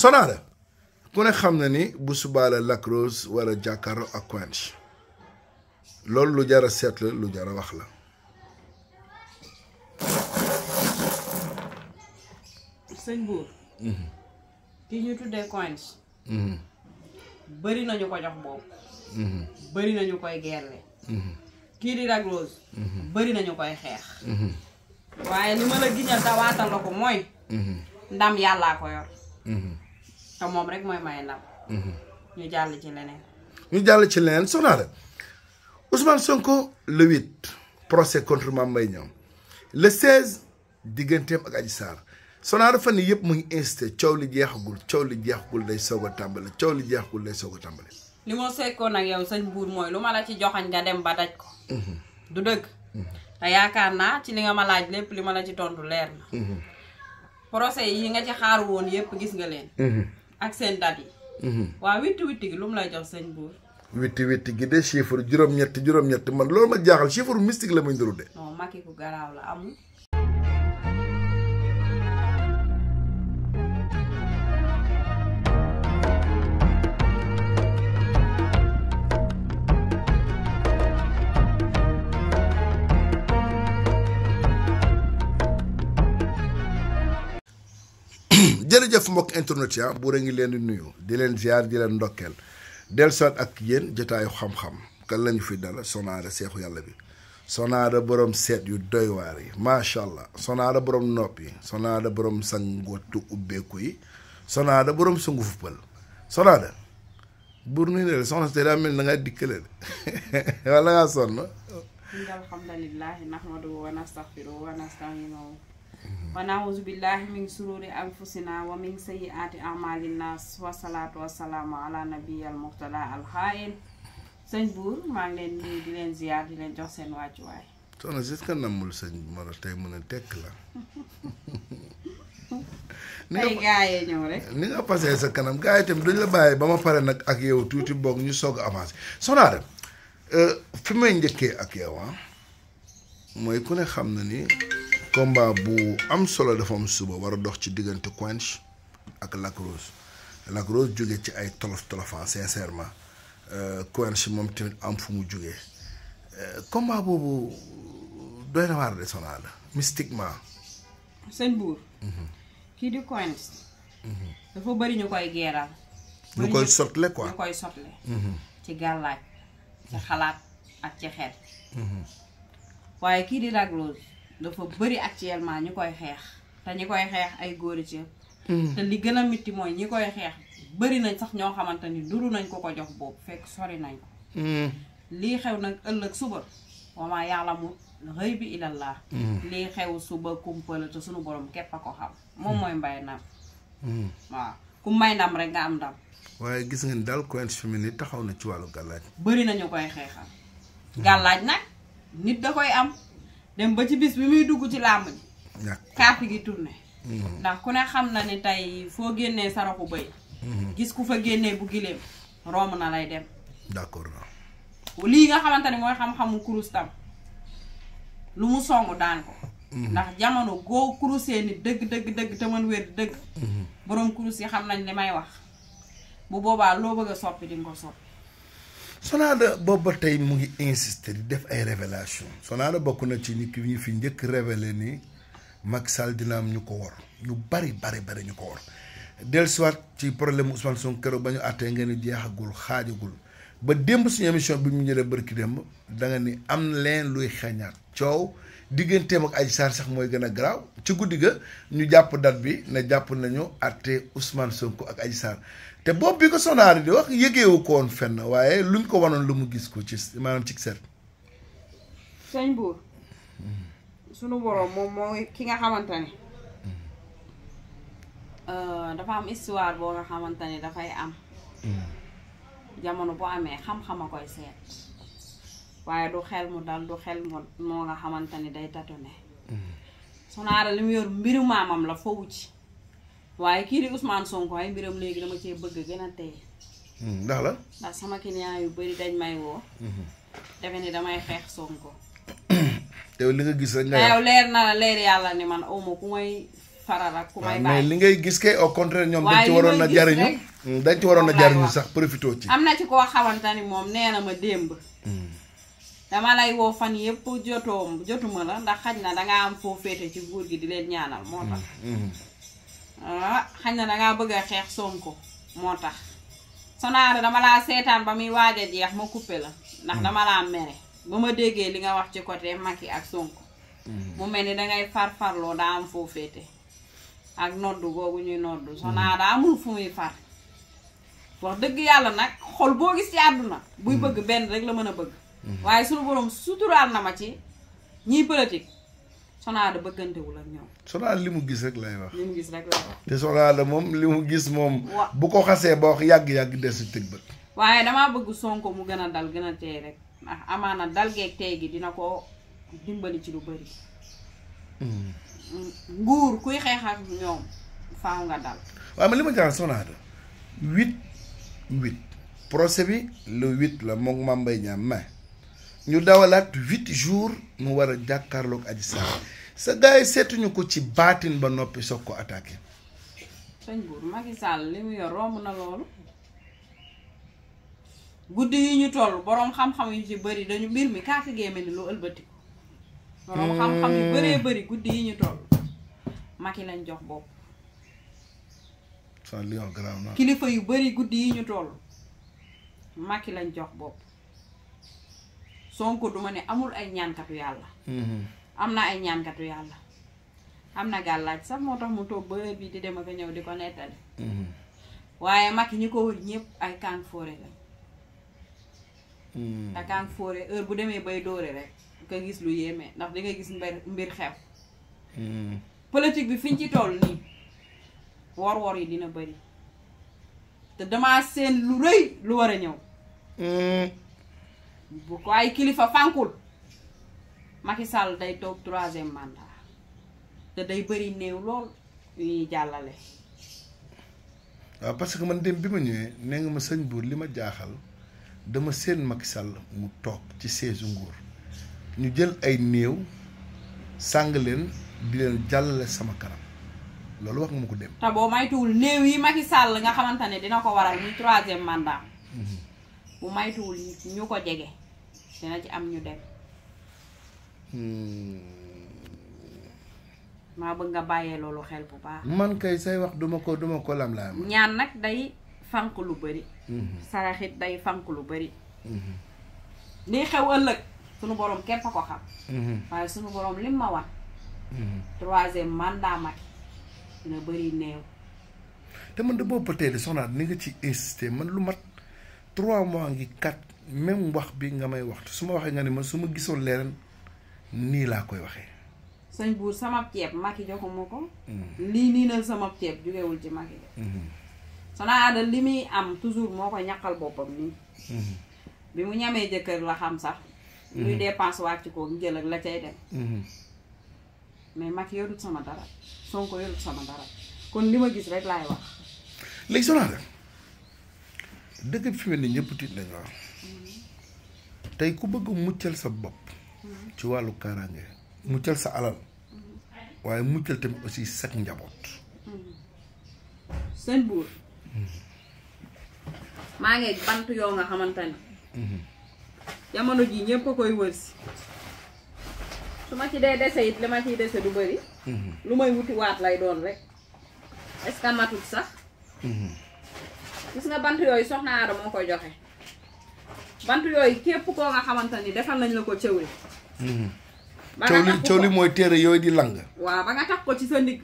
Sonaara ku ne xam na ni bu subaa la Lac Rose wala jàkkaarloo ak Quench loolu lu jar seet la lu jar wax la. sëñ Bour. Mhm. ki ñu tuddee Quench. Mhm. bëri nañu ko jox boobu. Mhm. bëri nañu koy gerle. kii di Lac Rose. bëri nañu koy xeex. waaye li ma la giñal dawaatal la ko mooy. ndam yàllaa ko yor. te moom rek mooy maye ndam. Mhm. ñu jàll ci leneen. ñu jàll ci leneen soxna la Ousmane Sonko le 8 procès contre Mame Mbaye Niang le digganteem ak Adji Sarr soxna dafa ni yëpp mu ngi insisté coow li jeexagul coow li jeexagul day soog a tàmbale coow li jeexagul day soog a tàmbale. li ma sekkoon ak yow sëñ Mbour mooy lu ma la ci joxañ nga dem ba daj ko. Mhm. du dëgg. Mhm. te yaakaar naa ci li nga ma laaj lépp li ma la ci tontu leer na. procès yi nga ci xaar woon yëpp gis nga leen. ak seen dat yi. Mhm. waaw witti gi lu mu lay jox sëñ buur. witti witti gi de chiffre juróom-ñett juróom-ñett man loolu ma jaaxal chiffre mystique la muy nduru de. non maki ku garaaw la amul. jërëjëf mbokk internet ya a ngi leen di nuyu di leen ziar di leen ndokkeel dellusiwaat ak yéen jotaayu xam-xam kan lañu fi dala sonaara seexu yàlla bi sonaara boroom seet yu doy waar yi macha allah sonaara borom nopp yi boroom sa sangootu ubbeeku yi sonaara boroom sungu fu pël sonaara buur nuyu ne la soxna si daa mel na ngaa dikkale wala ngaa sonn. alhamdulilah nahmaduhu wa nastaghfiruhu wa nasta'inuhu wa naawuzu billahi min sururi anfusina wa min sayyiati amalinas wasalaatu wasalaamu ala nabiyal muxtada alxaayil sëñ buur maa ngi leen di leen ziyaar di leen jox seen wàccuwaay soxna si ka namul sëñ ma la tey mën a tekk la ay gaa ñëw rek ni nga passé sa kanam gaa yi tamit duñ la bàyyi ba ma pare nag ak yow tuuti boog ñu soog a avancé soxnaa dem euh, fi may njëkkee ak yow ah mooy ku ne xam na ni combat bu am solo dafa am suba war a dox ci diggante Quench ak Lac Rose Lac Rose jóge ci ay tolof tolofan sincèrement euh, Quench moom tamit am fu mu jógee euh, combat boobu doy na waar de sonaa la mystiquement. sëñ Bour. Mhm. kii di Quench. Mhm. dafa bëri ñu koy geeral. ñu koy sotle quoi ñu koy sotle. Mhm. ci gàllaaj ci xalaat ak ci xel. waaye kii di Lac Rose. dafa bëri actuellement ñi koy xeex te ñi koy xeex ay góor ci hmm. te li gën a mitti mooy ñi koy xeex bëri nañ sax ñoo xamante ni duru nañ ko ko jox boobu fekk sori nañ ko hmm. lii xew nag ëllëg suba wamaa yàlla mu rëy bi ilallah hmm. lii xew suba kumpala te suñu borom képp a ko xam moom mooy mbay ndam waaw ku may ndam rek nga am ndam waaye gis ngeen daal Quench fi mu taxaw na ci wàllu gàllaaj bëri nañu koy xeexal gàllaaj nag nit da koy am dem ba ci bis bi muy dugg ci làmb ji. carte gi tourné. Mm-hmm. ndax ku ne xam na ni tey foo génnee saraxu bëy mm-hmm. gis ku fa génnee bu gileem romb na lay dem. d'accord lii nga xamante ne mooy xam-xamu kurus tam lu mu song daan ko. Mm-hmm. ndax jamono goo kurusee ni dëgg dëgg dëgg te mën wér dëgg. borom kurus yi xam nañ li may wax bu boobaa loo bëgg a soppi di nga ko soppi. Sonaada booba tey mu ngi insister di def ay révélation Sonaada bokk na ci nit ki ñu fi njëkk révélé ni mag Sall dina am ñu ko war ñu bari bari bari ñu ko war dellusiwaat ci problème Ousmane son keroog ba ñu àttee ngeen jeexagul xaajagul ba démb suñu émission bi mu jëlee barki démb da ni am na leen luy xeeñaat coow digganteem ak Adji sax mooy gën a garaaw ci guddi ga ñu jàpp date bi ne jàpp nañu àtte Ousmane Sonko ak Adji te boobu bi ko sonaari di wax yëgeewu ko fenn waaye luñ ko wanoon lu mu gis ko ci maanaam ci seet. sëñ Bour. sunu borom moom mooy ki nga xamante ne mm. euh, dafa am histoire boo nga xamante dafay am. Mm. jamono bu amee xam-xam a koy seet waaye du xel mu dal du xel mu moo nga xamante ni day tatu tatone mm-hmm. Sonaare li mu yor mbiru maamam la foofu ci waaye kii di Ousmane Sonko ay mbiram léegi dama cee bëgg gën a tey mm-hmm. ndax la ndax sama client yu bari dañ may woo mm-hmm. defe ni damay xeex Sonko te li nga gis rek nga yow leer na la leer yàlla ni man awma ku may farara mais li ngay gis kay au contraire ñoom dañ ci waroon a jariñu mm, dañ ci waroon a jariñu sax profité ci am na ci koo xamante ni moom nee na ma démb mm. dama lay woo fan yëpp jotoo jotuma la ndax xaj na dangaa am foo féete ci nguur gi di leen ñaanal moo tax mm, ah xaj na dangaa bëgg a xeex Sonko moo tax sonaare dama laa seetaan ba muy waaj a jeex ma kuppe la ndax dama laa mere ba ma déggee li nga wax ci côté Macky ak Sonko mu mel ni dangay farfarloo daa am foo ak noddu googu ñuy noddu mm. Soxna Ada amul fu muy far wax dëgg yàlla nag xol boo gis ci àdduna buy mm. bëgg benn rek la mën a bëgg mm-hmm. waaye suñu borom suturaal na ma ci ñiy politique Soxna Ada bëggantewul ak ñoom Soxna Ada li mu gis rek lay wax li gis rek te Soxna Ada moom li mu gis moom bu ko xasee ba wax yàgg-yàgg des tëg bët waaye damaa bëgg Sonko mu gën a dal gën a tey rek ndax amaana dal geeg tey gi dina ko dimbali ci lu bëri mm. nguur kuy xeex ak ñoom faaw nga dal. waaw man li ma gën soxna Ada huit procès bi le huit la moom Mame Mbaye Niang ñu dawalaat huit jours mu war a jàkkaarloog Adji Sarr sa gars seetuñu ko ci baatin ba noppi soog ko attaqué. sëñ Bour Macky li mu yor romb na loolu guddi yi ñu toll boroom xam-xam yu ci bëri dañu mbir mi kaaka géeme ni lu ëlbati borom xam-xam yu bëree hmm. bëri guddi yi ñu toll Macky lañ jox bopp. kilifa yu bëri guddi yi ñu toll Macky lañ jox bopp. Sonko duma ne amul ay ñaankatu yàlla. Hmm. am na ay ñaankatu yàlla. am na gàllaaj sax moo tax mu toog bërëb bi di dem ak ñëw di ko nettali. Hmm. waaye Macky ñi ko wër ñëpp ay kàng fóore lañ. te kàng fóore heure bu demee bay dóore rek. nga gis lu yéeme ndax di nga gis mbir mbir xew hmm. politique bi fiñ ci toll nii wor wor yi dina bëri te dama seen lu rëy lu war a ñëw hmm. bu ko ay kilifa fànkul Macky Sall day toog troisième mandat te day bëri néew lool yu ñuy jàllale waaw parce que man dem bi ma ñëwee nee nga ma sëñ buur li ma jaaxal dama seen Macky Sall mu toog ci seesu nguur ñu jël ay néew sàng leen di leen jàllale sama kanam loolu wax ma ko dem. te boo maytuwul néew yi Macky Sall nga xamante ne dina ko waral muy troisième mandat. Mm-hmm. bu maytuwul ñu ko jege dina ci am ñu dem. Mm-hmm. maa bëgg nga bàyyee loolu xel bu baax. man kay say wax duma ko duma ko lam laa ñaan nag day fanq lu bëri. Mm-hmm. saraxit day fanq lu bari li xew ëllëg. sunu borom képp a ko xam. Mhm. waaye sunu borom lim ma wan. Mhm. troisième mandat Macky dina bëri néew. te man de boobu ba tey ni nga ci insister man lu mat trois mois ngi quatre même wax bi nga may waxtu su ma waxee nga ne ma su ma gisoon leneen nii laa koy waxee. sëñ buur sama ceeb Macky joxuma ko. Mhm. lii nii nag sama ceeb jugewul ci Macky. soxna Ada li muy am toujours moo ko ñaqal boppam nii. bi mu ñamee jëkkër la xam sax. ñuy mm-hmm. dépense wàcc ko ñu jël ak la cay dem mm-hmm. mais Macky yorut sama dara Sonko yorut sama dara kon li ma gis rek laay wax léegi soo def dëgg bi fi mel ni tiit nañu waaw mm-hmm. tey ku bëgg muccal sa bopp ci wàllu kaaraange muccal sa alal waaye muccal tamit aussi sag njaboot seen buur maa ngi bant yoo nga xamante jamono jii ñëpp a koy wër si su ma ci dee dese it li ma ciy dese du bëri mhm. lu may wuti waat lay doon rek est sax mhm. gis nga bant yooyu soxna Aada moo ko joxe bant yooyu képp koo nga xamante ni defal nañ la ko cëwli mhm. ba cëwli mooy téere yooyu di lang waaw ba nga tax ko ci sa ndigg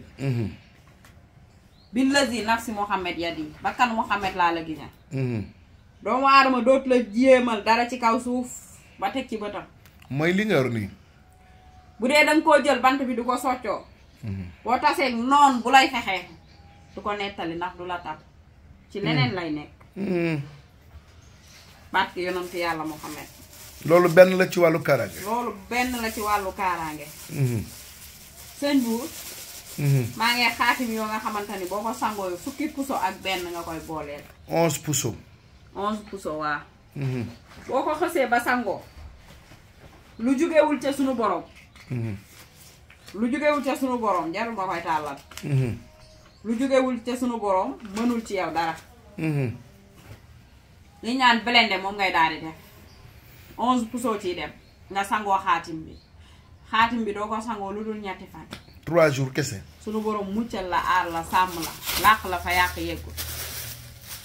bin lazi nafsi Muhammad yadi bakkan Muhammad laa la giñal doomu aadama dootu la jéemal dara ci kaw suuf ba teg ci bëtam mooy li nga nii bu dee danga koo jël bant bi du ko soccoo mhm. boo tasee noon bu lay fexee du ko nettali ndax du la tal ci leneen mhm. lay nekk mhm. barke yonantu yàlla Muhammad loolu benn la ci wàllu kaaraange loolu benn la ci wàllu kaaraange sëñ buur maa ngi xaatim yoo nga xamante ni boo ko sangoo fukki puso ak benn nga koy booleel onze puso onze puso waa mhm. boo ko xësee ba sangoo lu jugewul ca sunu borom mhm. lu jugewul ca sunu borom jarul nga koy tàllal mhm. lu jugewul ca sunu borom mënul ci yow dara li ñaan blende moom ngay daal di def onze puso ciy dem nga sangoo xaatim bi xaatim bi doo ko sangoo lu dul ñetti fan trois jours kese sunu borom muccal la aar la sàmm la làq la fa yàq yeggu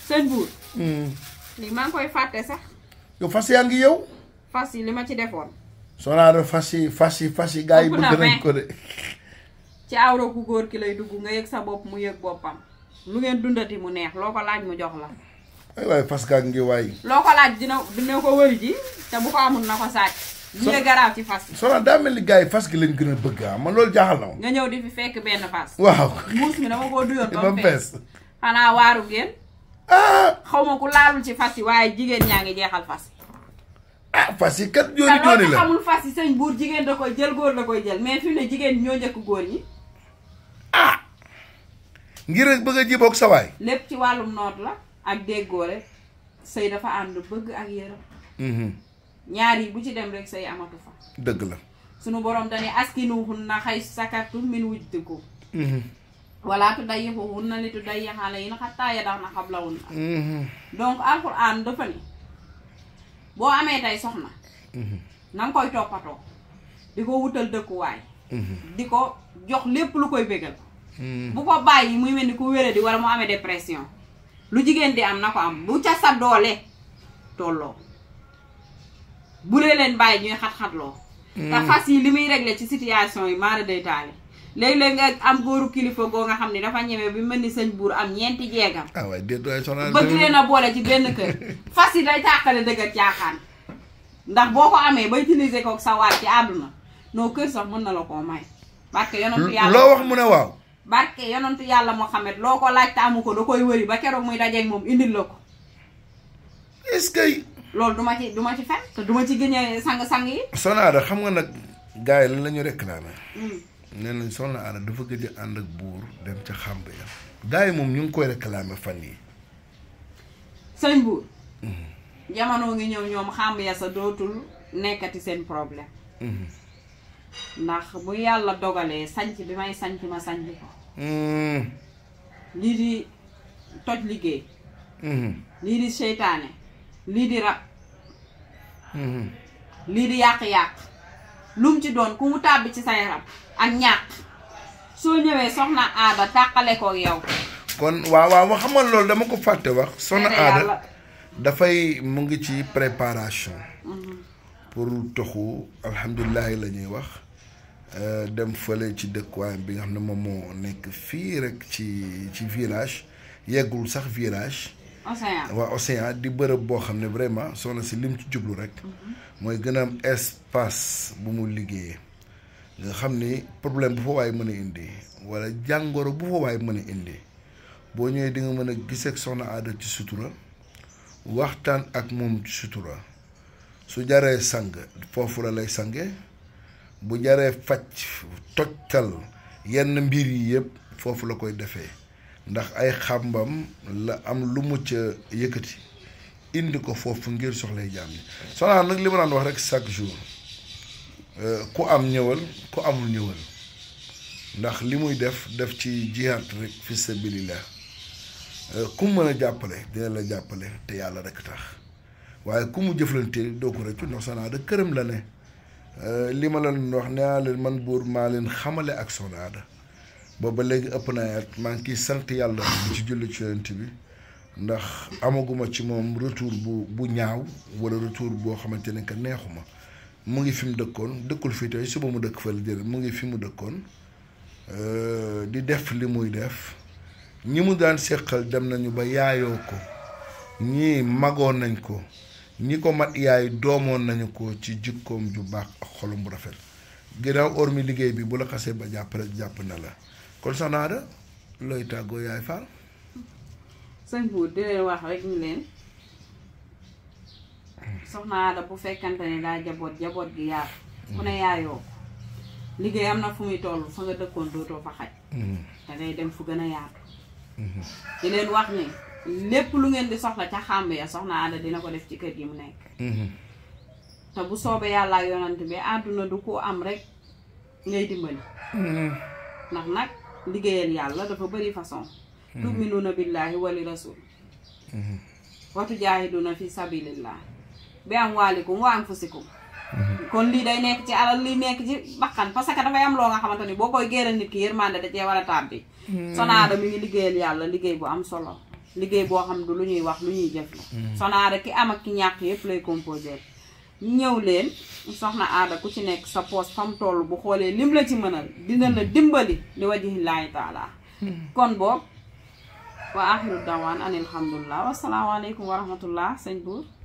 sëñ buur lii maa koy fàtte sax. yow fas yaa ngi yow. fas yi li ma ci defoon. sonaare fas yi fas yi fas yi gars yi bëgg nañ ko de. ci awra ku góor ki lay dugg nga yëg sa bopp mu yëg boppam. lu ngeen dundati mu neex loo ko laaj mu jox la. ay waay fas gaa ngi waay. loo ko laaj dina dina ko wër ji te bu ko amul na ko sàcc. so ñu garaaw ci fas yi. daa mel ni gars yi fas gi lañ gën a bëgg ah ma loolu jaaxal na ma. nga ñëw di fi fekk benn fas. waaw muus mi dama koo xaw ma ku laalul ci fas yi waaye jigéen ñaa ngi jeexal fas yi. ah fas yi kat jooni jooni la xamul fas yi sëñ buur jigéen da koy jël góor da koy jël mais fi ne jigéen ñoo njëkk góor ñi. ah. ngir bëgg a ci wàllum noot la ak déggoo rek dafa ànd bëgg ak yërëm. Mhm. ñaar yi bu ci dem rek sëy amatu fa. dëgg la. sunu borom dañuy askinu xun na xay sakatu min wujdiku. Mhm. wala tudayyifuhunna li tudayyi'a alayhinna hattaa yada'na hablahunna mhm. donc alxuraan dafa ni boo amee tay soxna mhm. na nga koy toppatoo di ko wutal dëkkuwaay mhm. di ko jox lépp lu koy bégal bu ko bàyyi muy mel ni ku wéradi wala mu amee dépression lu jigéen di am na ko am bu ca sa doole tolloo bu lee leen bàyyi ñuy xat-xatloo te yi li muy régler ci situation yi maara day taali léegi léeg nga am góoru kilifa goo nga xam ne dafa ñeme bi mel ni señ buur am ñeenti jeegam ah waay déet waay soxna leen a boole ci benn kër fas yi day tàqale dëgg caaxaan ndax boo ko amee ba utiliser ko sawar ci àdduna noo kër sax mën na la ko may barke yonentu hmm? yàlla loo wax mu ne waaw barke yonentu yàlla Muhammad loo ko laaj te amu ko da koy wëri ba keroog muy dajeeg moom indi la ko est-ce que loolu du ma ci du ma ci fen te du ma ci gëñee sang-sang yi sonaada xam nga nag gars yi lan la ñu réclamé nee nañ soxna Aada dafa gëj ànd ak buur dem ca xàmb ya gars yi moom ñu ngi koy réclamer fan yi sëñ buur mm-hmm. jamono ngi ñëw ñoom xàmb ya sa dootul nekkati seen problème mm-hmm. ndax bu yàlla dogalee sanc bi may sanc ma sanc mm-hmm. lii di toj liggéey lii di seytaane lii di rab lii di yàq-yàq lu mu ci doon ku mu tàbbi ci say rab ak ñàkk soo ñëwee soxna aada tàqale ko yow. kon waaw waaw xam loolu dama ko fàtte wax. soxna aada dafay mu ngi ci préparation. Mm-hmm. pour toxu alhamdulilahi la ñuy wax euh, dem fële ci dëkkuwaay bi nga xam ne moom moo nekk fii rek ci ci village yeggul sax village. océan waaw di bërëb boo xam ne vraiment soxna si lim ci jublu rek. Mm-hmm. mooy gën a am espace bu mu liggéeyee. nga xam ni problème bu fa waay mën a indi wala jàngoro bu fa waay mën a indi boo ñëwee di nga mën a gis ak soxna aada ci sutura waxtaan ak moom ci sutura su jaree sang foofu la lay sange bu jaree faj tojtal yenn mbir yi yëpp foofu la koy defee ndax ay xàmbam la am lu mu ca yëkkati indi ko foofu ngir soxlay jàmm yi soxna nag li ma naan wax rek chaque jour Euh, ku am ñëwal ku amul ñëwal ndax li muy def def ci jihaat rek fi sabilillah euh, ku mën a jàppale dina la jàppale te yàlla rek tax waaye ku mu jëflante doo ko rëccu ndax sonaada këram la ne euh, li ma leen wax nee man buur maa leen xamale ak sonaada booba léegi ëpp naa at maa ngi ciy sant yàlla di ci julli ci bi ndax amaguma ci moom retour bu bu ñaaw wala retour boo xamante ne que neexuma mu ngi fi mu dëkkoon dëkkul fii tey suba mu dëkk fa la mu ngi fi mu dëkkoon euh, di def li muy def ñi mu daan séqal dem nañu ba yaayoo ko ñii magoon nañ ko ñi ko mat yaay doomoon nañu ko ci jikkoom ju baax ak bu rafet ginnaaw or liggéey bi bu la xasee ba jàpp jàpp na la kon soxna looy tàggoo yaay Fall. sëñ bu di wax rek ñu leen. soxnaa da bu fekkante ne daa jaboot jaboot gi yaar ku ne yaayoo liggéey am na fu muy toll fa nga dëkkoon dootoo fa xaj mm-hmm. da dem fu gën a yaatu mm-hmm. di leen wax ni lépp lu ngeen di soxla ca xàmb ya soxna Ada dina ko def ci kër gi mu nekk mm-hmm. te bu soobee yàlla yonant bi àdduna du ko am rek ngay dimbali ndax nag liggéeyal yàlla dafa bëri façon tuminuuna billaahi wali rasul watu jaahiduna fi sabilillah bi am waalikum wa anfusikum kon lii day nekk ci alal lii nekk ci bakkan parce que dafay am loo nga xamante ni boo koy géral nit ki yërmande da cee war a tàbbi hmm. sonaada mi ngi liggéeyal yàlla liggéey bu am solo liggéey boo xam du lu ñuy wax lu ñuy jëf la hmm. sonaada ki am ak ki ñàkk yëpp lay composé ñëw leen soxna aada ku ci nekk sa poos fam toll bu xoolee lim la ci mënal dina la hmm. dimbali li wajihillaahi taala kon boobu wa axiru dawaan an alhamdulilah wa rahmatullah sëñ buur